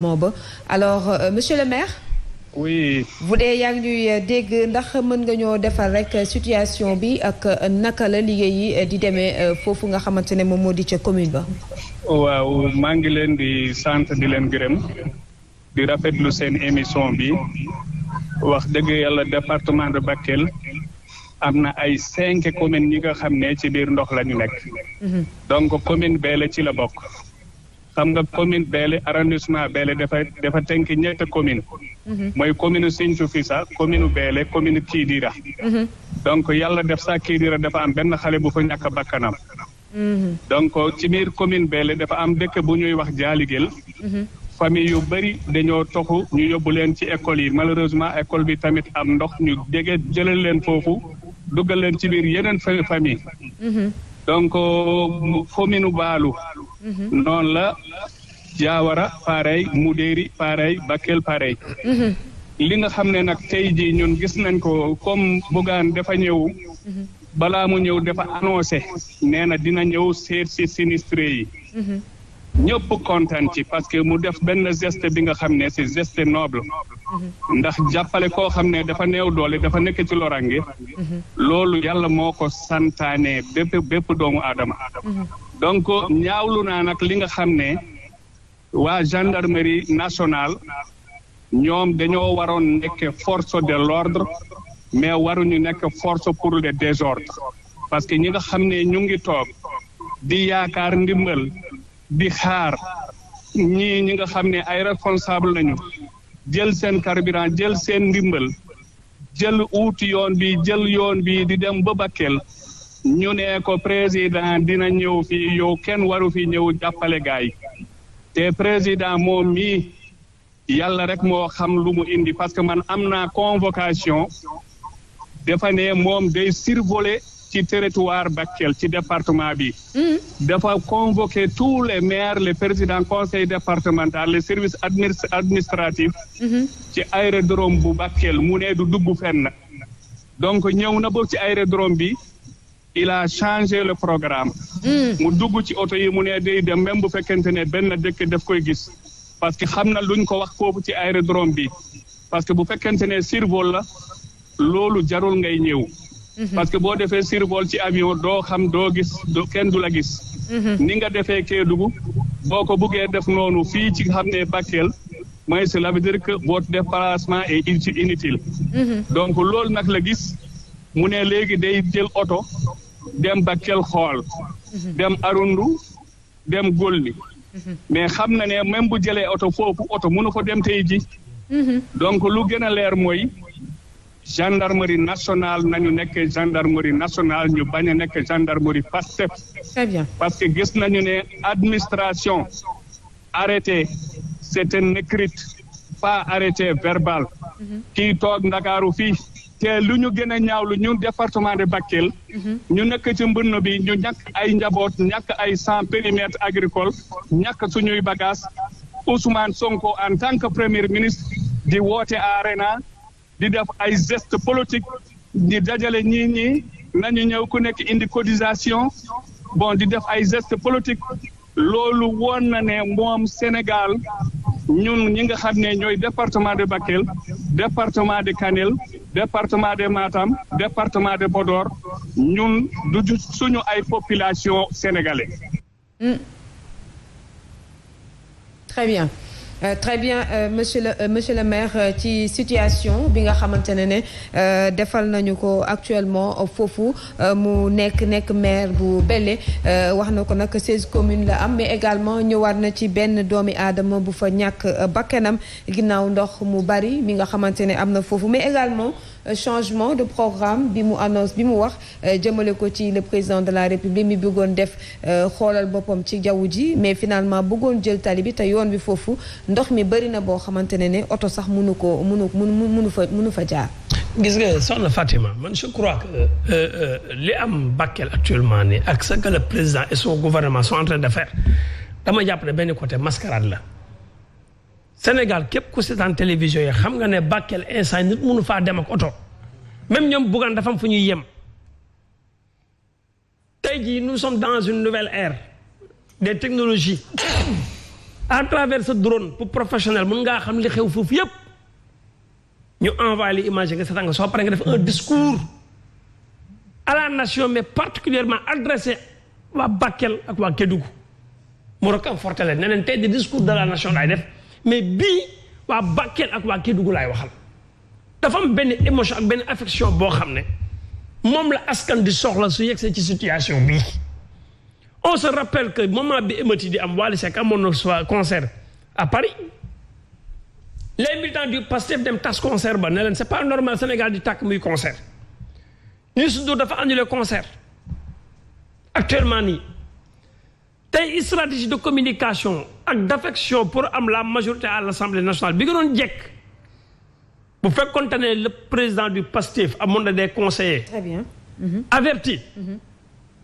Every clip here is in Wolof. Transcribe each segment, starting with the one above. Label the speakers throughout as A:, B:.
A: moo ba alors euh, monsieur le maire. oui. bu dee yaa ngi euh, dégg ndax mën nga ñoo defal rek euh, situation bi ak euh, naka la liggéey yi di demee foofu nga xamante ne moom moo di ca commune ba.
B: waaw maa ngi leen di sant di leen gërëm di rafetlu seen émission bi wax dëgg yàlla département de Bakel am na ay cinq communes yi nga xam ne ci biir ndox la ñu nekk. Mhm. donc commune bee ci la bokk. xam nga commune Bélé arrondissement Bélé dafa dafa tënk ñetti commune mhm. mooy commune Sinthiou Fissa commune Bélé commune Kidira mhm. donc yàlla def sax Kidira dafa am benn xale bu fa ñàkk bakkanam mhm. donc ci biir commune Bélé dafa am dëkk bu ñuy wax Jaaligel famille yu bëri dañoo toxu ñu yóbbu leen ci école yi malheureusement école bi tamit am ndox ñu jege jëlal leen foofu duggal leen ci biir yeneen famille donc euh, commune Baalu
C: Mm-hmm. noon
B: la jaawara pareil mudéeri pareil Bakel pareil mm-hmm. li nga xam ne nag tey jii ñun gis nañ ko comme Bougane dafa ñëw mm-hmm. balaa mu ñëw dafa annoncé nee na dina ñëw seet si sinistré yi ñëpp kontaan ci parce que mu def benn geste bi nga xam ne si geste noble ndax jàppale koo xam ne dafa néew doole dafa nekk ci lorange loolu yàlla moo ko santaane bépp doomu aadama donc ñaawlu naa nag li nga xam ne waa gendarmerie nationale ñoom dañoo waroon nekk force de l'ordre mais waruñu nekk force pour le désordre parce que ñi nga xam ne ñu ngi toog di yaakaar ndimbal di xaar ñii ñi nga xam ne ay responsable lañu jël seen carburant jël seen ndimbal jël uuti yoon bi jël yoon bi di dem ba Bakel ñu ne ko président dina ñëw fii yow kenn waru fi ñëw jàppale gaay te président moom mi yàlla rek moo xam lu mu indi parce que man am naa convocation dafa moom day survoler ci territoire Bakel ci département bi. Mm-hmm. dafa convoquer tous les maire le président conseil départemental les services administratifs. Mm-hmm. ci aérodrome bu Bakel mu ne du dugg fenn. donc ñëw na ba ci aérodrome bi. il a changé le programme. Hmm. mu dugg ci oto yi mu ne day dem même bu fekkente ne benn dëkk daf koy gis. parce que xam na luñ ko wax foofu ci aérodrome bi parce que bu fekkente ne survol la loolu jarul ngay ñëw. Hmm. parce que boo defee survol ci avion doo xam doo gis doo kenn du la gis. Hmm. ni nga defee Kédougou boo ko buggee def noonu fii ci xam ne Bakel mooy cela la dire que votre déplacement est inutile. donc loolu nag la gis. mu ne léegi day jël oto dem ba kel xool dem arundu dem golli mais xam na ne même bu jëlee oto foofu oto mënu ko dem tey ji donc lu gën a leer mooy gendarmerie nationale ñu nekk gendarmerie national ñu bañ a nekk gendarmerie Pastef très bien parce que gis nañu ne administration arrêté c'est un écrit pas arrêté verbal mhm. kii toog Ndakaaru fii te lu ñu gën a ñaawlu ñun département de Bakel. Mhm. ñu nekk ci mbënn bi ñu ñàkk ay njaboot ñàkk ay sans périmètre agricole ñàkk suñuy bagage Ousmane Sonko en tant que premier ministre di woote arena di def ay geste politique di dajale ñii ñii nañu ñëw ku nekk indi cotisation bon di def ay geste politique loolu woon na ne moom Sénégal ñun ñi nga xam ne ñooy département de Bakel département de Kanel département de Matam département de Podor ñun du suñu ay population sénégalais.
A: Mmh. Très bien. Euh, très bien euh, monsieur le euh, maire euh, ci situation bi nga xamante ne ne defal nañu ko actuellement foofu mu nekk nekk maire bu Bélé wax na ko nag seize commune la am mais également ñëwaat na ci benn doomi aadama bu fa ñàkk bakkanam ginnaaw ndox mu bari mi nga xamante ne am na foofu mais également Euh, changement de programme bi mu annonce bi mu wax euh, jëmale ko ci le président de la république mi bëggoon def euh, xoolal boppam ci jaww ji mais finalement bëggoon jël tali bi te yoon bi foofu ndox mi bëri na boo xamante ne ne oto sax munu ko mënu mënu fa mënu fa jaar.
C: gis nga soxna Fatima man je crois que li am Bakel actuellement ni ak ce que président et son gouvernement sont en de faire dama jàpp ne benn côté mascarade la. Sénégal képp ku seetaan télévision yi xam nga ne Bakel instant nit mënu faa dem ak oto même ñoom buggaan dafa am fu ñuy yem tey jii nous sommes dans une nouvelle air des technologies à travers ce drone pour professionnel mën ngaa xam li xew foofu yëpp ñu envoyé li image nga seetaan nga soo paree nga def un discours à la nation mais particulièrement adressé waa Bakel ak waa Kédougou mu rek am fortale neneen tey di discours de la nation lay def mais bii waa Bakel ak waa Kédougou laay waxal dafa am benn émotion ak benn affection boo xam ne moom la askan di soxla su see ci situation bii on se rappelle que moment bi émeute di am Wally Seck amoon na soit concert à Paris les militants du Pastef dem tas concert ba ne leen c'est pas normal Sénégal di tàkk muy concert Youssou Ndour dafa annulé concert actuellement nii tey stratégie de communication ak d'affection pour am la majorité à l'Assemblée nationale bi nga doon jekk bu fekkoonte ne le président du PASTEF amoon na des conseillers. très bien. Mm-hmm. averti. Mm-hmm.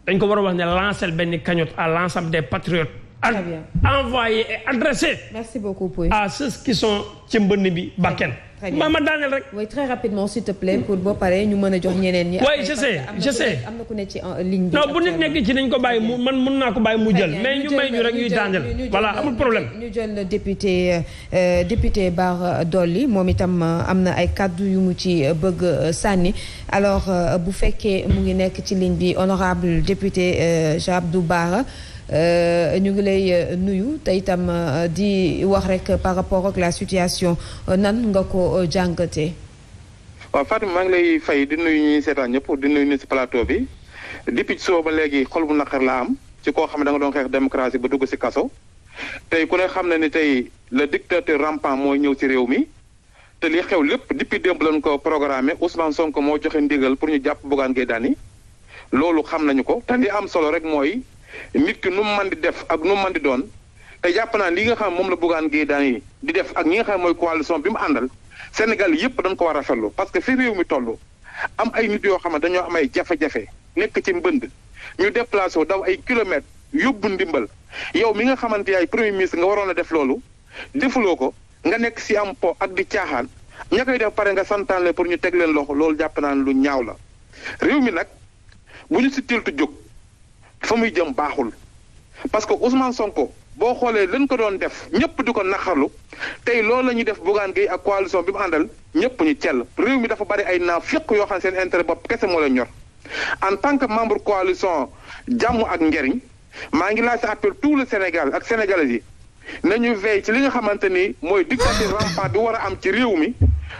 C: dañ ko war wax ne lancer benn cagnotte à l'ensemble des patriotes. très bien envoyé et adressé. merci beaucoup à ceux
A: qui sont ci bi Bakken. très bien ma daaneel rek. oui très rapidement s'il te plaît pour boo paree ñu mën a jox ñeneen ñi. oui je sais je sais am na ku ne ci euh, ligne bi. non bu
C: nekk ci nañ ko bàyyi mu man mën naa ko bàyyi mu jël. mais ñu may ñu rek ñuy daaneel voilà amul problème.
A: ñu jël député euh, député Bara euh, moom itam am na ay kàddu yu mu ci bëgg sànni alors bu fekkee mu ngi nekk ci ligne bi honorable député Abdou Bara. Euh, ñu ngi lay euh, nuyu te itam euh, di wax rek par rapport ak la situation nan nga ko jàngatee.
D: waaw Fatima maa ngi lay fay di nuyu ñuy seetaan ñëpp di nuyu ñu si plateau bi depuis soo ba léegi xol bu naqar la am ci koo xam ne danga nga doon xeex démocratie ba dugg si kaso. tey ku ne xam na ni tey le dictateur rampant mooy ñëw ci réew mi te li xew lépp depuis démb lañ ko programmé Ousmane Sonko moo joxe ndigal pour ñu jàpp Bougane Gueye loolu xam nañu ko te li am solo rek mooy nit ki nu mu mën di def ak nu mu mën di doon te jàpp naa li nga xam moom la Bougane Gueye Dany di def ak ñi nga xam mooy coalition bi mu àndal Sénégal yëpp dañ ko war a rafetlu parce que fi réew mi toll am ay nit yoo xam ne dañoo am ay jafe-jafe nekk ci mbënd ñu déplacé wu daw ay kilomètres yóbbu ndimbal yow mi nga xamante yaay premier ministre nga waroon a def loolu defuloo ko nga nekk si am po ak di caaxaan ña def pare nga santaanle pour ñu teg leen loxo loolu jàpp naa lu ñaaw la réew mi nag bu si tiltu jóg. fa muy jëm baaxul parce que Ousmane Sonko boo xoolee lañ ko doon def ñëpp di ko naqarlu tey loolu la ñuy def Bougane Gueye ak coalition bi mu àndal ñëpp ñu cell réew mi dafa bari ay naafiq yoo xam seen intérêt bopp kese moo leen ñor en tant que membre coalition jàmm ak njariñ maa ngi laaj sa appel tout le Sénégal ak sénégalais yi ñu veille ci li nga xamante ni mooy dictature rampante bi war a am ci réew mi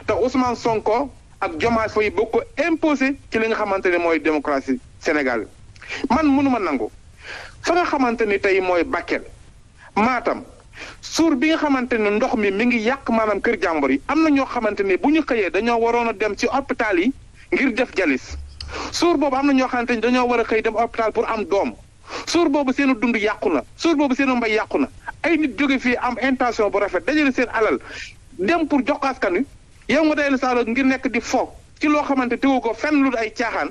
D: te Ousmane Sonko ak Diomaye yi boo ko imposé ci li nga xamante ni mooy démocratie Sénégal man mënuma nangu fa nga xamante ni tey mooy Bakel maatam suur bi nga xamante ne ndox mi mi ngi yàq maanaam kër jàmbur yi am na ñoo xamante ne bu ñu xëyee dañoo waroon a dem ci hôpital yi ngir def jalis suur boobu am na ñoo xamante ni dañoo war a xëy dem hôpital pour am doom suur boobu seen dund yàqu na suur boobu seen mbay yàqu na ay nit jóge fii am intention bu rafet dajale seen alal dem pour jox askan wi yow nga dajale sa alal ngir nekk di fo ci loo xamante tewu ko fenn lu ay caaxaan.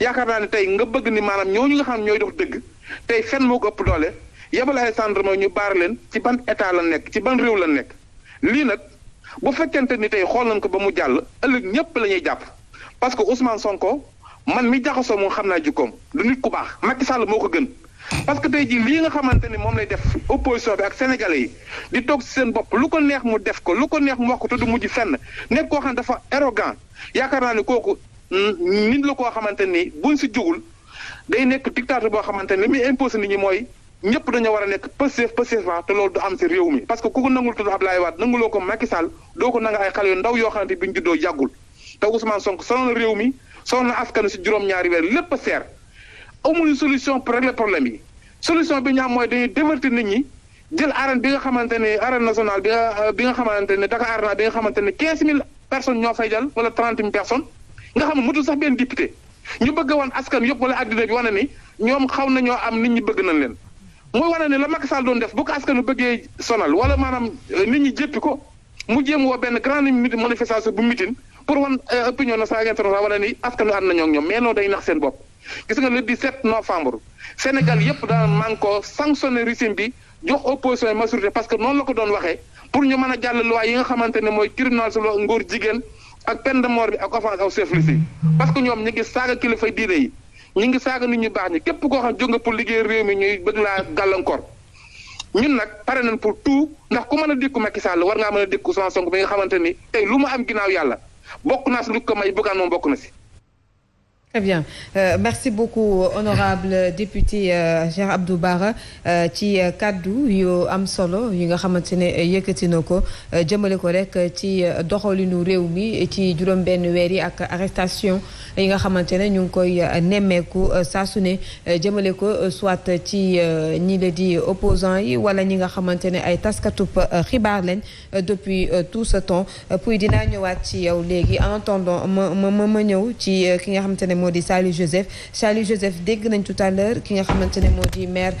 D: yaakaar naa ne tey nga bëgg ni maanaam ñooñu nga xam ñooy dox dégg tey fenn moo ko ëpp doole yebal ay moo ñu baar leen ci ban état la nekk ci ban réew la nekk lii nag bu fekkente ni tey xool nañ ko ba mu jàll ëllëg ñépp la ñuy jàpp parce que Ousmane Sonko man mi jaxasoo moom xam naa jikkoom du nit ku baax Macky Sall moo ko gën parce que tey jii lii nga xamante ni moom lay def opposition bi ak sénégalais yi di toog ci seen bopp lu ko neex mu def ko lu ko neex mu du mujj fenn nekk xam ne dafa arrogant yaakaar naa ni kooku nit la koo xamante ni buñ si jugul day nekk dictateur boo xamante ni li muy imposé nit ñi mooy ñëpp dañoo war a nekk passif passivement te loolu du am si réew mi. parce que ku ko nangul tudd Abdoulaye Wade nanguloo ko Macky Sall doo ko nanga ay xale yu ndaw yoo xamante ni biñ juddoo yàggul te si juróom-ñaari weer lépp a seer amul solution pour bi ñu am mooy dañuy ñi. jël arène bi nga xamante ne arène nationale bi nga bi nga xamante ne Dakar Arena bi nga xamante ne quinze mille personnes ñoo fay jël wala trente mille personnes nga xam ne matul sax benn député ñu bëgg a wan askan yëpp wala addina bi wane ni ñoom xaw nañoo am nit ñi bëgg nañ leen mooy wane ne la Macky Sall doon def bu ko askan bëggee sonal wala maanaam euh, nit ñi jéppi ko mu jéem woo benn grande manifestation bu mitin pour wan euh, opinion na saa international wane ñoom mais non day nax seen bopp. gis nga le 17 novembre Sénégal yëpp daan man ko sanctionné régime bi jox opposition yi majorité parce que noonu la ko doon waxee pour ñu mën a jàll loi xamante ne mooy tribunal su ngóor jigéen. ak peine de mort bi ak offense aw chef yi parce que ñoom ñu ngi saaga kilifa diine yi ñu ngi saaga nit ñu baax ñi képp koo xam jóg nga pour liggéey réew mi ñuy bëgg laa gàllankoor ñun nag pare nañ pour tout ndax ku mën a dékku Macky la war ngaa mën a dékku Ousmane Sonko bi nga xamante ni tey lu mu am ginnaaw yàlla bokk naa si lu ko may bëggaan moom bokk na si
A: très bien euh, merci beaucoup honorable député euh, Cheikh Abdou Bara euh, ci euh, kàddu yu am solo yi nga xamante ne yëkkati na ko jëmale ko rek ci doxalinu réew mi ci juróom-benn weer yi ak arrestation yi nga xamante ne ñu ngi koy nemmeeku saasune jëmale ko soit ci ñi la di opposants yi wala ñi nga xamante ne ay taskatub xibaar lañ depuis tout ce temps puis dinaa ñëwaat ci yow léegi en attendant ma ma ñëw ci ki nga xamante ne moo di Saliou Joseph Saliou Joseph dégg nañ tout à l'heure ki nga xamante ne moo di maire